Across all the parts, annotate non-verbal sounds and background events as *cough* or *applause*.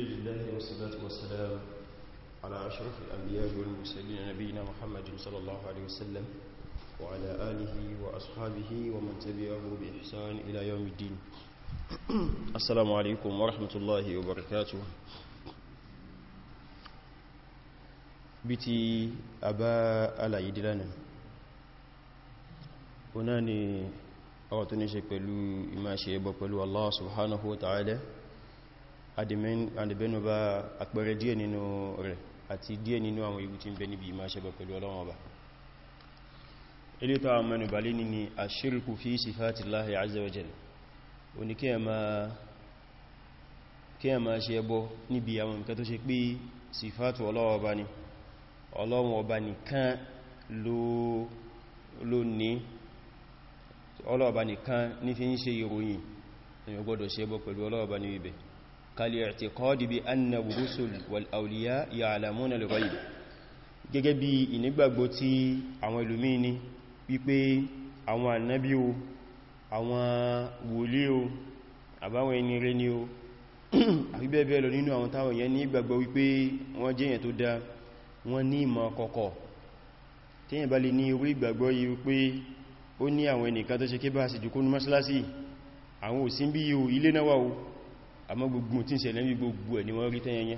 لله والصلاة والسلام على أشرف الأنبياء والمرسلين نبينا محمد صلى الله عليه وسلم وعلى آله وأصحابه ومن تبعه بإحسان إلى يوم الدين *clears throat* السلام عليكم ورحمة الله وبركاته بتي أبا على يدلنا هناني أعطني شكل ما شئبه الله سبحانه وتعالى adìbẹ́nubá àpẹẹrẹ díẹ̀ nínú rẹ̀ àti díẹ̀ nínú àwọn ewu tí ń bẹ níbi ìmáṣẹ́bọ̀ pẹ̀lú Ọlọ́run Ọba ilé tó àwọn mẹ́nubà lé ní ni ashirku fi sifatillahi azza wa jalla o ní kí ẹ máa ṣe ẹbọ níbi àwọn nǹkan tó ṣe pé sífàtù ni Ọlọ́run Ọba nìkan ló ní Ọlọ́run Ọba nìkan ní fi ń ṣe ìròyìn èyàn gbọ́dọ̀ pẹ̀lú Ọlọ́run ní ibẹ̀ kal-i'tiqadi bi anna ar-rusul wal-awliya ya'lamuna al-ghayb gẹ́gẹ́ bí ìnígbàgbọ́ tí àwọn ìlúmí ní wípé àwọn ànábí o àwọn wòlí o àbáwọn ẹni rẹ̀ ni o *clears throat* àbí bẹ́ẹ̀ bẹ́ẹ̀ lọ nínú àwọn táwọn yẹn ní ìgbàgbọ́ wípé wọ́n jẹ́yàn tó dá wọ́n ní ìmọ̀ kọ̀kọ̀ tíyàn bá lè ní orí ìgbàgbọ́ yìí wípé ó ní àwọn ẹnìkan tó ṣe kébà sí jùkúnú mọ́sálásí àwọn òsínbí ilé náwà o àmọ́ gbogbo tí ń ṣẹlẹ̀ ní gbogbo ẹ̀ ni wọ́n rí tẹ́yẹnyẹ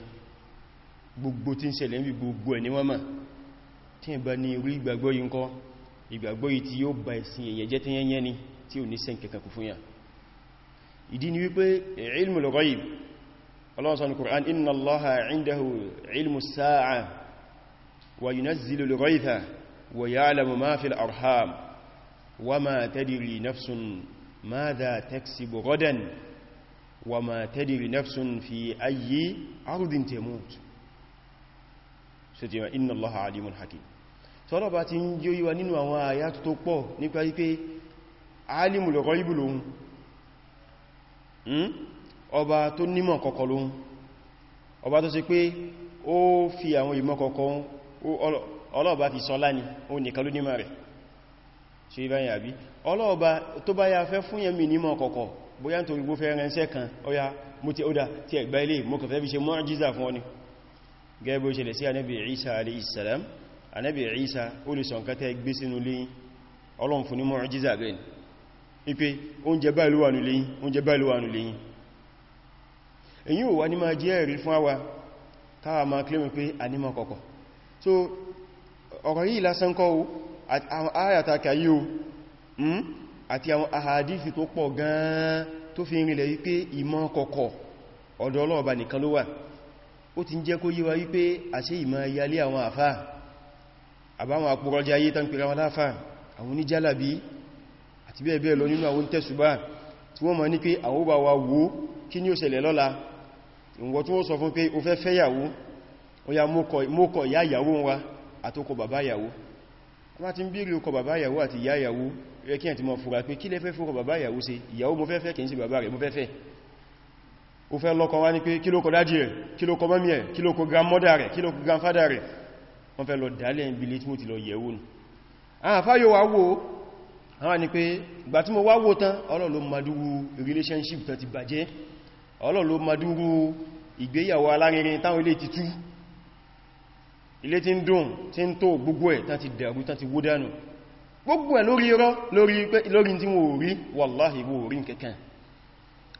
gbogbo tí ń ṣẹlẹ̀ ní gbogbo ẹ̀ ni wọ́n mọ̀ tí ẹ bá ní orí ìgbàgbọ́ yìí ńkọ́ ìgbàgbọ́ yìí tí yóò bá ìsìn èyẹ jẹ́ tẹ́yẹnyẹ ni tí ò وما تدري نفس في أي أرض تموت sọ́tíwà inna Allaha alimun hakim tọ́lọ̀ bá ti ń jẹ́ yíwa nínú àwọn àyà tó tó pọ̀ nípa wípé alimul ghaibu lóhun hmm? ọba tó nímọ̀ kọ̀kọ̀ lóhun ọba tó ṣe pé ó fi àwọn ìmọ̀ kọ̀kọ̀ ọlọ́ọ̀bá fi sọ láni ó nìkan ló nímọ̀ rẹ̀ ṣe ibáyàbí ọlọ́ọ̀bá tó bá ya fẹ́ fún yẹmì nímọ̀ kọ̀kọ̀ bóyá ń torí gbófẹ́ ránṣẹ́ kan ọya mú ti ọ́dá ti ẹgbà ilé mú kàfẹ́ bí ṣe mu'jiza fún ọni gẹ́gbẹ́ ó ṣẹlẹ̀ sí anábì Isa alayhi salam anábì Isa ó lè sọ̀nkà tẹ́ gbé sínú léyìn Ọlọ́run fún ní mu'jiza bẹ́ẹ̀ ni ipe oúnjẹ báyìí ló so ọ̀rọ̀ yìí lásán kọ́ o àyàtàkà yìí o hmm? àti àwọn ahadithi tó pọ̀ gan tó fi rinlẹ̀ wípé ìmọ̀ kọ̀kọ̀ ọ̀dọ̀ ọlọ́ọ̀bá nìkan ló wà ó ti ń jẹ́ kó yíwa wípé àṣẹ ìmọ̀ ayalé àwọn àfá àbáwọn àpòrọjá ayé tán pèrè àwọn aláfà àwọn oníjálàbí àti bẹ́ẹ̀ bẹ́ẹ̀ lọ nínú àwọn tẹ́sùbá tí wọ́n mọ̀ ní pé àwọn bá wa wo kí ní wọ́n ti ń bèèrè ọkọ bàbá ìyàwó àti ìyá ìyàwó rẹ̀ kí ẹ̀ ti mọ̀ fura pé kí lẹ fẹ́ fọ́kọ bàbá ìyàwó ṣe ìyàwó mo fẹ́fẹ́ kìí sí bàbá rẹ̀ mo fẹ́fẹ́ o fẹ́ lọ́kọ wá ní pé kí ló kọ rẹ̀ kí ló mọ́mí ẹ̀ kí relationship tán ti bàjẹ́ ọlọ́lọ́ madúrú ìgbéyàwó alárinrin táwọn ilé tí ń dùn tí ń tó gbogbo ẹ̀ tán ti dẹ̀rú tán ti wó dánù gbogbo ẹ̀ lórí irọ́ lórí tí wọ́n rí wàláhì wọ́n rí kẹ́kàn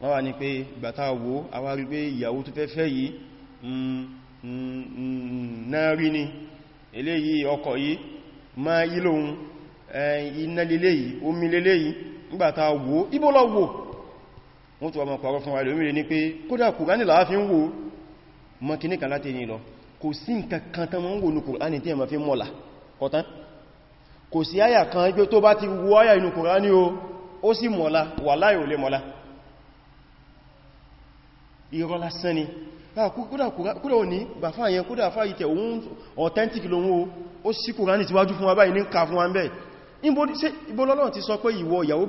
wọ́n wá ní pé bàtà wo àwárí pé ìyàwó tó fẹ́ fẹ́ yìí náà rí ni eléyìí ọkọ̀ yìí ma ilóhun iná leléyìí omi leléyìí nígbàtà wo ibó lọ wo wọ́n tó wà mọ̀ pàrọ fún wa lórí ní pé kódà kùránì làá fi ń wo mọ́ kìníkà láti ní lọ kò sí nǹkan kan tán wọ́n wò ní kùránì tí ẹmà fi mọ́lá kọtán kò sí àyà kan gbé tó bá ti wọ́ àyà inú kùránì o ó sì mọ́lá wà láì ò lè mọ́lá irọ́ lásán ni kúrò ní bàfá yẹn kúrò àfá ìtẹ̀ authentic lòun o ó sí kùránì ti wájú fún wa báyìí ní ká fún wa bẹ́ẹ̀ ìbólọ́lọ́ ti sọ pé ìwọ ìyàwó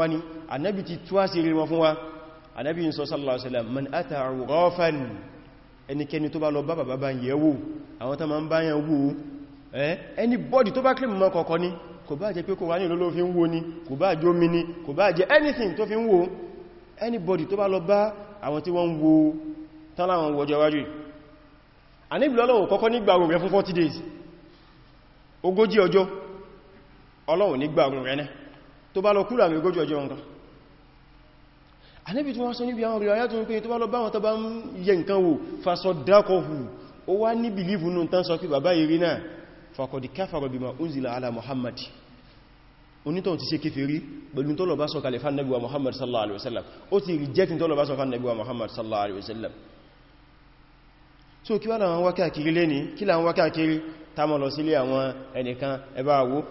wa ní ànábì ti tú àṣírí wọn fún wa anábí ń sọ sallallahu alaihi wasallam man ata ghafan ẹnikẹni tó bá lọ bábà bábà yẹ̀wò àwọn tán ma ń bá yẹn wò anybody tó bá kílì mọ́ kọ̀kọ́ ni kò bá jẹ́ pé kò wá ní olólo fi ń wo ni kò bá jẹ́ omi ni kò bá jẹ́ anything tó fi ń wo anybody tó bá lọ bá àwọn tí wọ́n ń wo tán láwọn wọjọ́ wájú aníbìlọ́lọ́wọ̀ kọ́kọ́ nígbàrún rẹ fún 40 days ogójì ọjọ́ ọlọ́run nígbàrún rẹ náà tó bá lọ kúrò àmì ogójì ọjọ́ nǹkan anẹ́bí tí wọ́n sọ níbi àwọn ìrìnàyà tó ń pè tó bá lọ báwọn tó bá ń yẹ nǹkan wò fasọ dákọ̀hù ó wá ní bìlìfù nù tán sọ pé bàbá ìrìn náà fàkọ̀dì káfàrọ̀ bima unzila ala Muhammad onítọ̀n ti se kéfèrí pẹ̀lú tó lọ bá sọ kalẹ̀ Muhammad sallallahu alaihi wasallam reject tó lọ bá sọ fánàbí Muhammad sallallahu alaihi so kí wá láwọn wákàkiri lẹ́ni kí láwọn wákàkiri támọ̀ lọ sílé àwọn ẹnìkan ẹbá àwó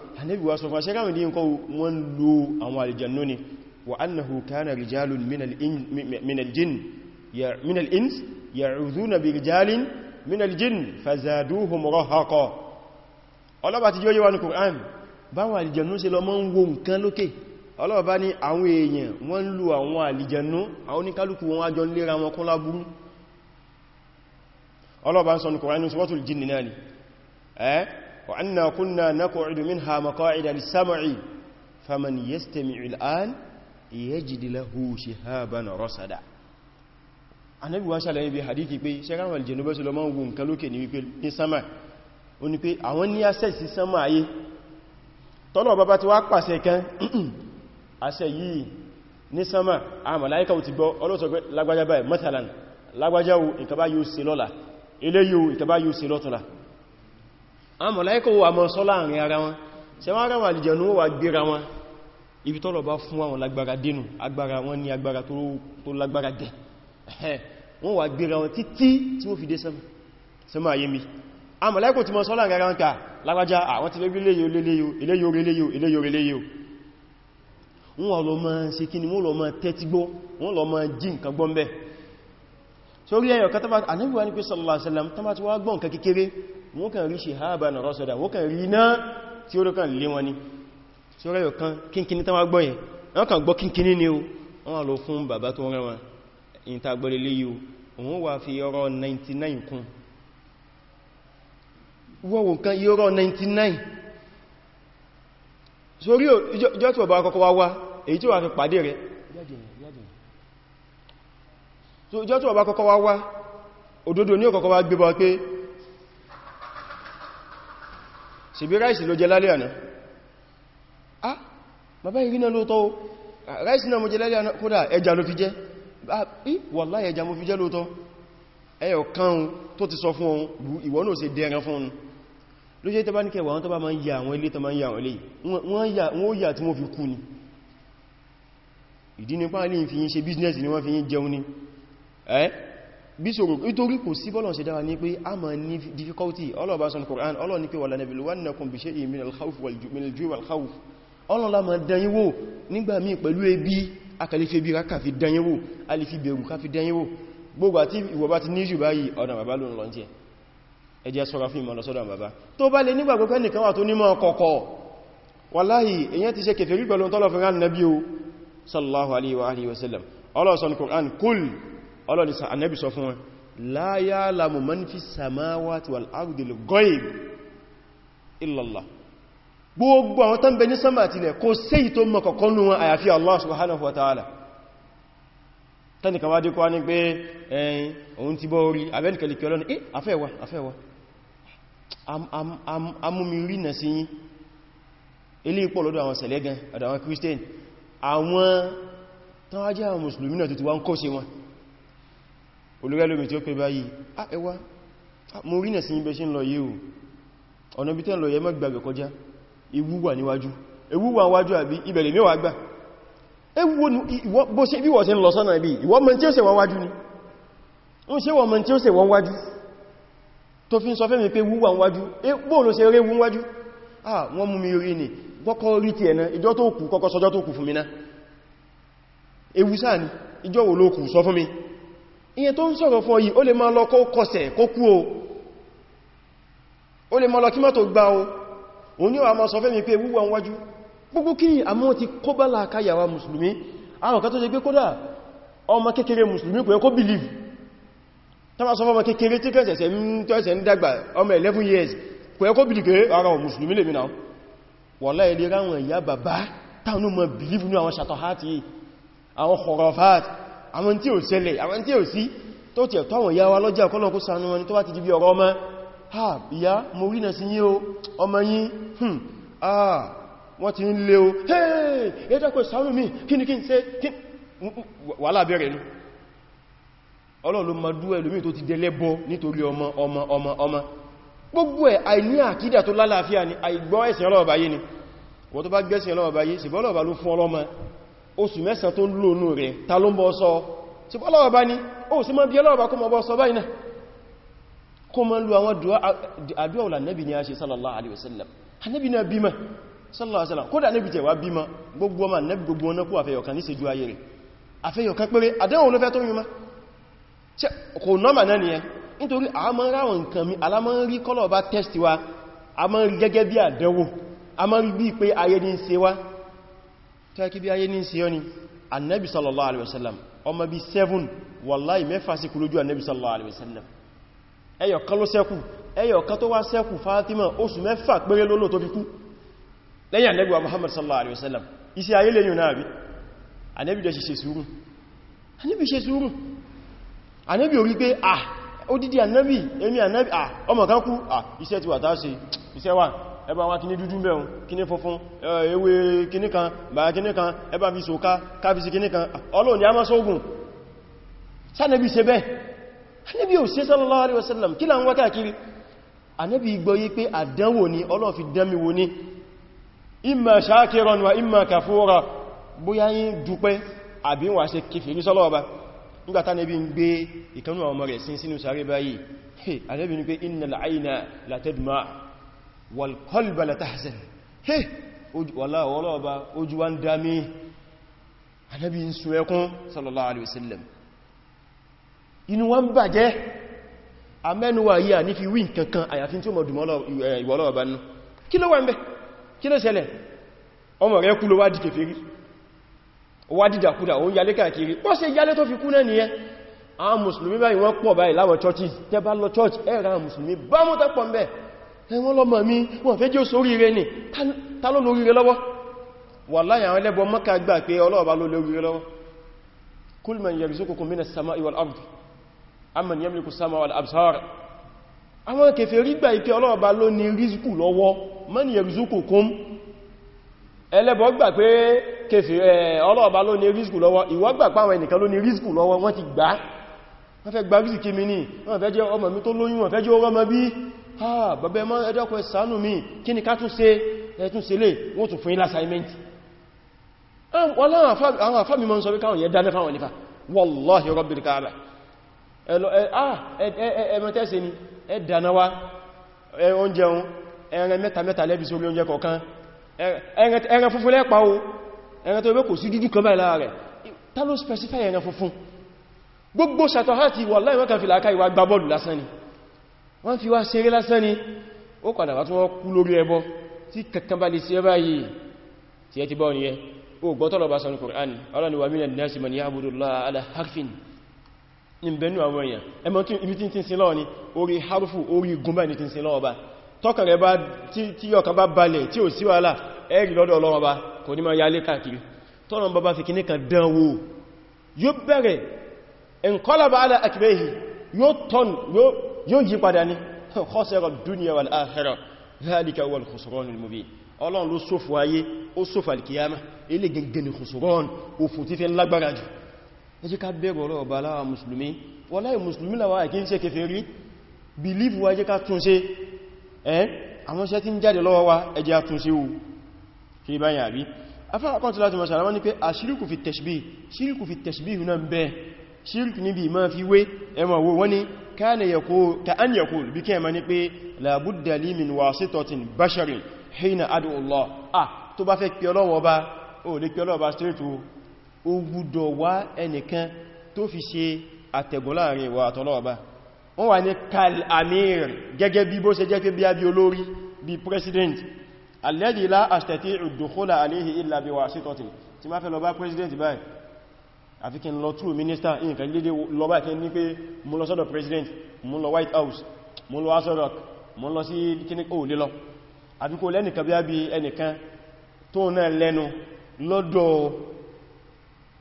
wa sọ fún aṣẹ́gáwìn ní nǹkan wọ́n lo ni وأنه كان رجال من من الجن من الإنس يعوذون برجال من الجن فزادوهم رهقا ọlọ́bà ti jẹ́ yíwa ní Kùrán báwọn àlìjànú ṣe lọ mọ́ ń wo nǹkan lókè ọlọ́bà ní àwọn èèyàn wọ́n ń lù àwọn àlìjànú àwọn oníkálùkù wọn ajọ ń lera wọn kún lábúrú ọlọ́bà ń sọ ní Kùrán ní suratul jinn náà ni wa anna kunna naq'udu minha maq'ida lis-sam'i faman yastami'u al-an yajidlahu shihaban rasada Ànábì wa ṣàlàyé bí hadithi pé ṣẹ́gbàmà aljẹ̀nú bẹ́sù lọ máa ń wo nǹkan lókè ní wípé ní sánmà o ní pé àwọn ní àṣẹ sí sánmà ayé tọ́lọ̀ bàbá ti wá pàṣẹ kan *clears throat* àṣẹ yìí ní sánmà àwọn màláíkà ti gbọ́ ọlọ́sọ pé matalan lágbájá o ìkàbá yóò ṣe lọ́la eléyìí o ìkàbá yóò ṣe lọ́tùnla àwọn màláíkà wà ibi tọ́lọ̀ bá fún àwọn lágbára dénú agbára wọn ní agbára tó lágbára dẹ̀ wọ́n wà gbéra wọn títí tí wọ́n fi dé sẹ́mà sẹ́mà ayé mi a mọ̀lẹ́kùn ti mọ́ sọ́lá rárá ń ká lágbájá àwọn ti lébí léyò léyò léyò léyò léyò wọ́n wà lọ ma ṣe kí ni wọ́n lọ ma tẹ́tí gbọ́ wọ́n lọ ma jí nǹkan gbọ́n tí wọ́n rẹ̀ kan kínkíní tán wá gbọ́ yẹn wọ́n kàn gbọ́ kínkíní ni o wọ́n lọ fún bàbá tó rẹ̀ wọn in ta gbọ́ lélé yíò òun wà fi ọrọ̀ 99 kún wọ́wọ́ kan yọ́rọ̀ 99 sórí ìjọ́ tí bàbá kọ́kọ́ wá wá èyí tí wà fi pàdé rẹ̀ ìjọ́ tí bàbá ní ọ̀kọ́kọ́ wá gbé bọ́ pé ṣebí ráìsì ló jẹ lálẹ́ àná bàbá ìrìnà lóòtọ́ ráìsì náà mo jẹ lẹ́lẹ́ kódà ẹja ló fi jẹ́ wàlá ẹja mo fi jẹ́ lóòtọ́ ẹyọ kan tó ti sọ fún ohun ìwọ náà ṣe dẹran fún un ló jẹ́ tẹbá ní kẹwàá wọn tó bá ma ń ya àwọn ilé tó ma ń ya àwọn ilé wọ́n yà tí mo fi kú ni ìdí ni pàálí fi yí ṣe business ni wọ́n fi yí jẹun ni ọlọ́lá ma dányíwò nígbà míì pẹ̀lú ebi akàlífẹ́ bí ráka fi dányíwò alìfi bẹ̀rù ká fi dányíwò gbogbo àti ìwọ bá ti ní jù báyìí ọ̀nà bàbá ló ń lọ jẹ́ ẹjẹ́ sọ́ra fún ìmọ̀lọ́sọ́dọ̀ bàbá tó bá lè nígbà gbogbo ẹnìkan wà tó nímọ̀ kọ̀kọ̀ wàláhì èyàn ti ṣe kèfèrí pẹ̀lú tọ́lọ̀fẹ́rán nabi o sallallahu alaihi wa alihi wasallam ọlọ́sọ̀n Qur'an kúl ọlọ́dìsà gbogbo àwọn tán bẹ ní sánmà àti ilẹ̀ kò sí ìtò mọ̀ kọ̀kọ́ nù wọn àyàfi Allah subhanahu wa ta'ala tánìkà wá dé kọ́ ní pé ẹ̀yìn ti bọ́ orí abẹ́nìkẹ̀lẹ̀kẹ̀ ọlọ́nà afẹ́wà afẹ́wà sí yín ilé ipò lọ́dọ̀ àwọn sẹ̀lẹ́gàn ewu wà níwájú ewu wà níwájú àbí ibẹ̀lẹ̀ mẹ́wàá gbà bó ṣe bí wọ́n ṣe ń lọ sọ́nà ibi ìwọ́n mọ̀ tí ó ṣe wọ́n wájú ni ń ṣe wọ́n mọ̀ tí ó ṣe wọ́n wájú tó fi ń sọ fẹ́ mi pé wúwà wájú e, bó ló ṣe rẹ̀ wú ah wọ́n mú mi rí ni kọ́kọ́ rí ti ẹ̀nà ìjọ́ tó kù kọ́kọ́ sọjọ́ tó kù fún mi ná ewu sáà ni ìjọ́ wo ló o òun ni ó àmọ́ sọ fẹ́mi pé wúwà ń wájú gbogbo kí ni àmọ́ ti kó bá làkáyàwà mùsùlùmí àwọn kan tó ṣe pé kódà ọmọ kékeré mùsùlùmí kò yẹ kó believe tàbí sọ fọ́mọ kékeré tí kẹsẹ̀sẹ̀ ń tọ́ẹ̀sẹ̀ ń dàgbà ọmọ 11 years kò yẹ kó believe ara wọn mùsùlùmí lè mìíràn wọ́lá ilé ráwọn ìyá bàbá believe ní àwọn ṣàtọ̀hátì àwọn khurafat àwọn tí ò ṣẹlẹ̀ àwọn tí ò sí tó tẹ̀ tọ́wọ̀n yá wa lọ́jà ha ìyá mo rí náà sí yí o ọmọ yí hmm ah wọ́n ti ń lé o hey ẹjọ́kọ̀ ìsáwọn mi kí ni kí n ṣe kí wà lábẹ́rẹ̀ ní ọlọ́run ma dú ẹlòmí tó ti dẹlẹ́bọ nítorí ọmọ ọmọ ọmọ ọmọ gbogbo ẹ̀ àìní àkídà tó lálàáfíà ni àìgbọ́ ẹ̀sìn ọlọ́ọ̀bá yé ni wọ́n tó bá gbẹ́sìn ọlọ́ọ̀bá yé sì bọ́lọ̀ọ̀bá ló fún ọlọ́mọ oṣù mẹ́sàn tó ń lónú rẹ̀ ta ló ń bọ́ sọ sí bọ́lọ̀ọ̀bá ni ó sì mọ́ bí ọlọ́ọ̀bá kó mọ́ bọ́ sọ báyìí kó mọ́ lú àwọn àdúwà wùlà nẹ́bì ni a ṣe sallallahu alaihi wasallam anẹ́bì náà bímọ sallallahu alaihi wasallam kódà nẹ́bì tẹ̀wà bímọ gbogbo ọmọ nẹ́bì gbogbo ọ̀nà kú àfẹ́yọ̀kan ní ṣejú ayé rẹ̀ àfẹ́yọ̀kan péré àdẹ́wọ̀n ló fẹ́ tó yúnmá kò nọ́mà náà nìyẹn nítorí a mọ́ ráwọn nǹkan mi alámọ́rí kọ́lọ̀ bá test wa a mọ́ rí gẹ́gẹ́ bí àdẹ́wò a mọ́ rí bí pé ayé ní ṣe wá tẹ́kí bí ayé ní ṣe yọ́ ni annabi sallallahu alaihi wasallam ọmọ bí 7 wallahi mẹ́fà sí kúlójú annabi sallallahu alaihi wasallam ẹyọ kan ló ṣẹ́kù ẹyọ kan tó wá ṣẹ́kù Fatima oṣù mẹ́fà péré lólò tó fi kú lẹ́yìn Ànábì wa Muhammad sallallahu alaihi wasallam iṣẹ́ ayé lẹ́yìn náà bí Ànábì dẹ̀ ṣe sùúrù Ànábì ṣe sùúrù Ànábì orí pé ah odidi Ànábì èmi Ànábì ah ọmọ kan kú ah iṣẹ́ ti wà tá ṣe iṣẹ́ wà ẹba wá kíní dúdú mẹ́un kíní funfun ewé kíní kan bàá kíní kan ẹba fi sòká káfíìsì kíní kan ọlọ́ni a máa sóògùn sánẹ́bí se bẹ́ẹ̀ Ànábì ò ṣe sallallahu alaihi wasallam kí láwọn wákàkiri Ànábì gbọ́ yí pé àdánwò ni Ọlọ́run fi dánmi wò ní imma shakiran wa imma kafura bóyá yí dúpẹ́ àbí wà ṣe kèfèrí sọ́lọ́wọ́ bá nígbàtá Ànábì ń gbé ìkanú àwọn ọmọ rẹ̀ sí sínú sáré báyìí Ànábì ní pé innal ayna la tadma wal qalba la tahzan Ànábì sallallahu alaihi wasallam inú wọn bàjẹ́ amẹ́nuwà yìí à ní fi wí nkankan àyàfin tí ó mọ̀ dùmọ́ ìwọ̀lọ́wọ̀ bá nú kí ló wà ń bẹ kí ló ṣẹlẹ̀ ọmọ rẹ̀ kú ló wá di kèfèrí wá dìdàkúdà òun yalé káàkiri ó ṣe yalé tó fi kú náà nìyẹn àwọn mùsùlùmí báyìí wọ́n pọ̀ báyìí láwọn churches tẹ́ bá lọ church ẹ̀rà mùsùlùmí bá mú tẹ́ pọ̀ ń bẹ̀ ẹwọ́n lọ́mọ mi wọ́n fẹ́ jẹ́ sórí rẹ̀ ni ta ló lórí rẹ̀ lọ́wọ́ wallahi àwọn ẹlẹ́bọ Mákà gbà pé Ọlọ́run ló lórí rẹ̀ lọ́wọ́ kul man yarzuqukum minas sama'i amman yamliku sama wal absar àwọn kèfèrí gbà ike Ọlọ́run bá ló ní rízùkù lọ́wọ́ man yarzuqukum ẹlẹ́bọ̀ gbà pé kèfèrí Ọlọ́run bá ló ní rízùkù lọ́wọ́ ìwọ gbà pé àwọn ẹnìkan ló ní rízùkù lọ́wọ́ wọ́n ha bàbẹ́ mọ́ ẹjọ́kọ̀ ẹ̀sánù mi kí ni ká tún ṣe ẹ̀tún ṣe lè wọ́n tún fún ilá assignment ah, wọ́n láwọn àfáàmì mọ́ sọ pé káwọn yẹ ẹmọ̀tẹ́sẹ̀ eh, ah, eh, eh, ni ẹ dánáwá oúnjẹun ẹran mẹ́ta mẹ́ta lẹ́bí sórí oúnjẹ kọ̀ọ̀kan ẹran funfun lẹ́pa o ẹran tó wé kò sí dúdú kan báyìí lára rẹ̀ ta ló specify ẹran funfun gbogbo ṣàtọ̀ àti wàláhì wọ́n kàn fi làákà ìwà gbábọ́ọ̀lù lásán ni wọ́n fi wá ṣeré lásán ni ó padà wá tún wọ́n kú lórí ẹbọ tí kankan bá lè ṣe báyìí tí ẹ ti bọ́ nìyẹn ó gbọ́tọ̀lọ́bá sọ ní Kùránì ọlọ́ni wà mílẹ̀ nẹ́sì mọ̀ ní àbúdó láàá alá harfin ìbẹ̀nú àwọn èèyàn ẹmọ tí ibi tí ń sin lọ́wọ́ ni orí harufu orí gúnbà ní ti ń sin lọ́wọ́ bá tọ́kàn rẹ̀ bá tí ọkàn bá balẹ̀ tí ò sí wàhálà ẹ̀rì lọ́dọ̀ ọlọ́wọ́ bá kò ní máa yálé káàkiri tọ́nà bá bá fi kíní kan dán wò yóò bẹ̀rẹ̀ ẹnkọ́lábà alá akìbẹ́hì yóò tọ́n yóò yí padà ní *laughs* khasira dunya wal akhirah dhalika wal khusranul mubin ọlọ́run ló sófò ayé ó sófò alkiyama ilé gẹ̀gẹ̀ ni khusran òfò tí fi ń lágbára jù ẹ jẹ́ ká bẹ̀rù ọ̀rọ̀ ọba aláwà musulmi wọláì musulmi làwà ẹ̀kí ń ṣe kèfèrí believe wa ẹ jẹ́ ká túnṣe ẹ́ àwọn iṣẹ́ tí ń jáde lọ́wọ́ wa ẹ jẹ́ àtúnṣe wù ṣe báyìí àrí afẹ́rakọ́ tí láti mọ̀ṣàlá wọ́n ní pé a ṣíríkù fi tẹ̀ṣbí ṣíríkù fi tẹ̀ṣbí hùn náà bẹ́ẹ̀ ṣíríkù níbi ìmá fi wé ẹmọ̀ wo wọ́n ni káàn yẹ̀kó bí kí ẹmọ ní pé làbúdà límin wà sítọ̀tìn basharin hìna adùn Allah ah tó bá fẹ́ pẹ́ ọlọ́wọ́ bá ó lè pẹ́ ọlọ́wọ́ bá ó gbúdọ̀ wá ẹnìkan tó fi ṣe àtẹ̀gùn láàrin ìwà àtọ́lọ́ọ̀bá wọ́n wà ní kal amir gẹ́gẹ́ bí bó ṣe jẹ́ pé bí a bí olórí president alladhi la astati'u ad-dukhula alayhi illa bi wasitatin tí ma fe lọ bá president báyìí àfi kí n lọ minister in kan lédè lọ báyìí kí n ní pé mú lọ president mú lọ white house mú lọ aṣọ rock mú lọ sí kíní ò lélọ àfi kó lẹ́nìkan bí a bí ẹnìkan tó náà lẹ́nu lọ́dọ̀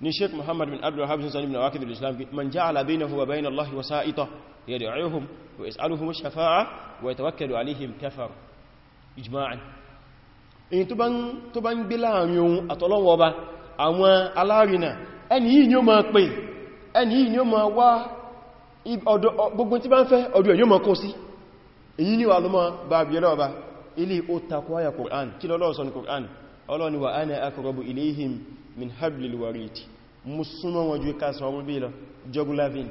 ni sheikh muhammad bin abdul habib sani bin awakid al-islam man ja'ala bainahu wa bain allah wasa'ita yad'uhum wa yas'aluhum ash-shafa'a wa yatawakkalu alayhim kafar ijma'an in tó ban tó ban gbé láàrin ohun atolonwo ba àwọn alárìnà ẹni yìí ni ó máa pè ẹni yìí ni ó máa wá ọ̀dọ̀ gbogbo tí bá ń fẹ́ ọ̀dọ̀ ẹ̀ yóò máa kó sí èyí ni wà ló máa bá bí ọlọ́ọ̀bá ilé ó takwáyà Qur'an kí lọ́lọ́ọ̀sọ́ ni Qur'an ọlọ́ni wa ana aqrabu ilayhim min hablil warid musulman wọn ju kásan ọmọ bí lọ joglavin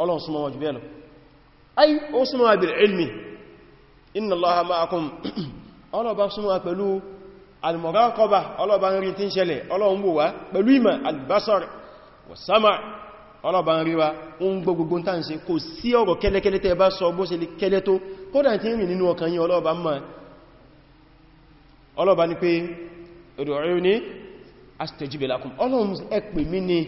ọlọ́run súnmọ́ wọn ju bẹ́ẹ̀ lọ ay ó súnmọ́ wa bil ilmi inna allaha ma'akum *clears throat* ọlọ́ba súnmọ́ wa pẹ̀lú al-muraqaba ọlọ́ba ń rí tí ń ṣẹlẹ̀ ọlọ́run wò wá pẹ̀lú ìmọ̀ al-basar wa sama ọlọ́ba ń rí wa ń gbogbo ta ń ṣe kò sí ọ̀rọ̀ kẹ́lẹ́kẹ́lẹ́ tẹ́ bá sọ bó ṣe lè kẹ́lẹ́ tó kódà tí ń rìn nínú ọkàn yín ọlọ́ba mọ́ ọlọ́ba ni pé ud'uni astajib lakum Ọlọ́run ẹ pè mí ni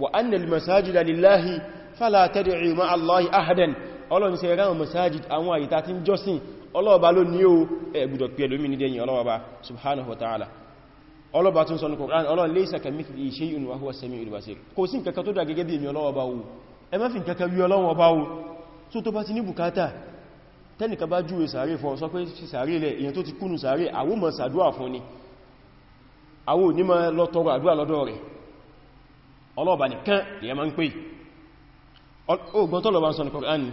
wa anna al-masajida lillahi fala tad'u ma'a Allahi ahadan Ọlọ́run ṣe ra masajid àwọn àyè tá tin jọ́sìn Ọlọ́run ba ló ní o ẹ gbọ́dọ̀ pè ẹlòmí ni dẹ́yìn Ọlọ́run ba subhanahu wa ta'ala Ọlọ́run ba tún sọ ní Qur'an Ọlọ́run laysa kamithlihi shay'un wa huwa as-sami'ul basir kò sí nǹkan kan tó dà gẹ́gẹ́ bí àwọn onímọ̀ lọ́tọrọ àdúrà lọ́dọ̀ rẹ̀ ọlọ́ọ̀bà nìkan lè ma ń pè ọgbọ́n tó lọ́bà ń sọ ní Kùránì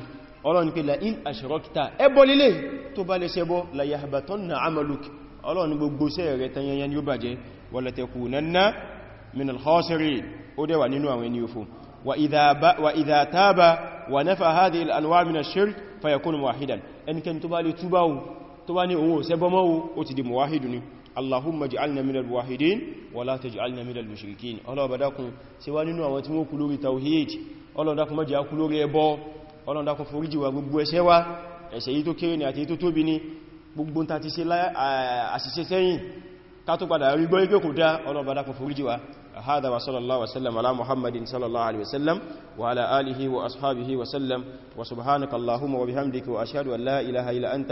ọlọ́run pé la'in ashrakta ẹbọ lílé tó bá lè ṣẹbọ la yahbatanna amaluk ọlọ́run gbogbo sẹ́ rẹ̀ tanyanyan yóò bàjẹ́ wa latakunanna minal khasirin ó dẹ̀ wà nínú àwọn ẹni òfò wa idha taba wa nafa hadhihi al-anwa' min ash-shirk fayakunu muwahidan ẹnikẹ́ni tó bá lè túbá tó bá ní òun ò ṣẹbọ mọ́ ó ti di muwahidu ni allahumma ja'alna minal wahidin wa la taj'alna minal mushrikin ọlọ́ọ̀bá dákun ṣe wá nínú àwọn tí wọ́n kú lórí tawhid ọlọ́ọ̀bá dákun má jẹ́ a kú lórí ẹbọ ọlọ́ọ̀bá dákun foríjì wa gbogbo ẹ̀ṣẹ̀ wa ẹ̀ṣẹ̀ yìí tó kéré ni àti èyí tó ni gbogbo ta ti ṣe àṣìṣe sẹ́yìn ká tó padà rí gbọ́ ipé kò dá ọlọ́ọ̀bá dákun foríjì wa هذا وصلى الله وسلم على محمد صلى الله عليه وسلم وعلى آله وأصحابه وسلم وسبحانك اللهم وبحمدك وأشهد أن لا إله إلا أنت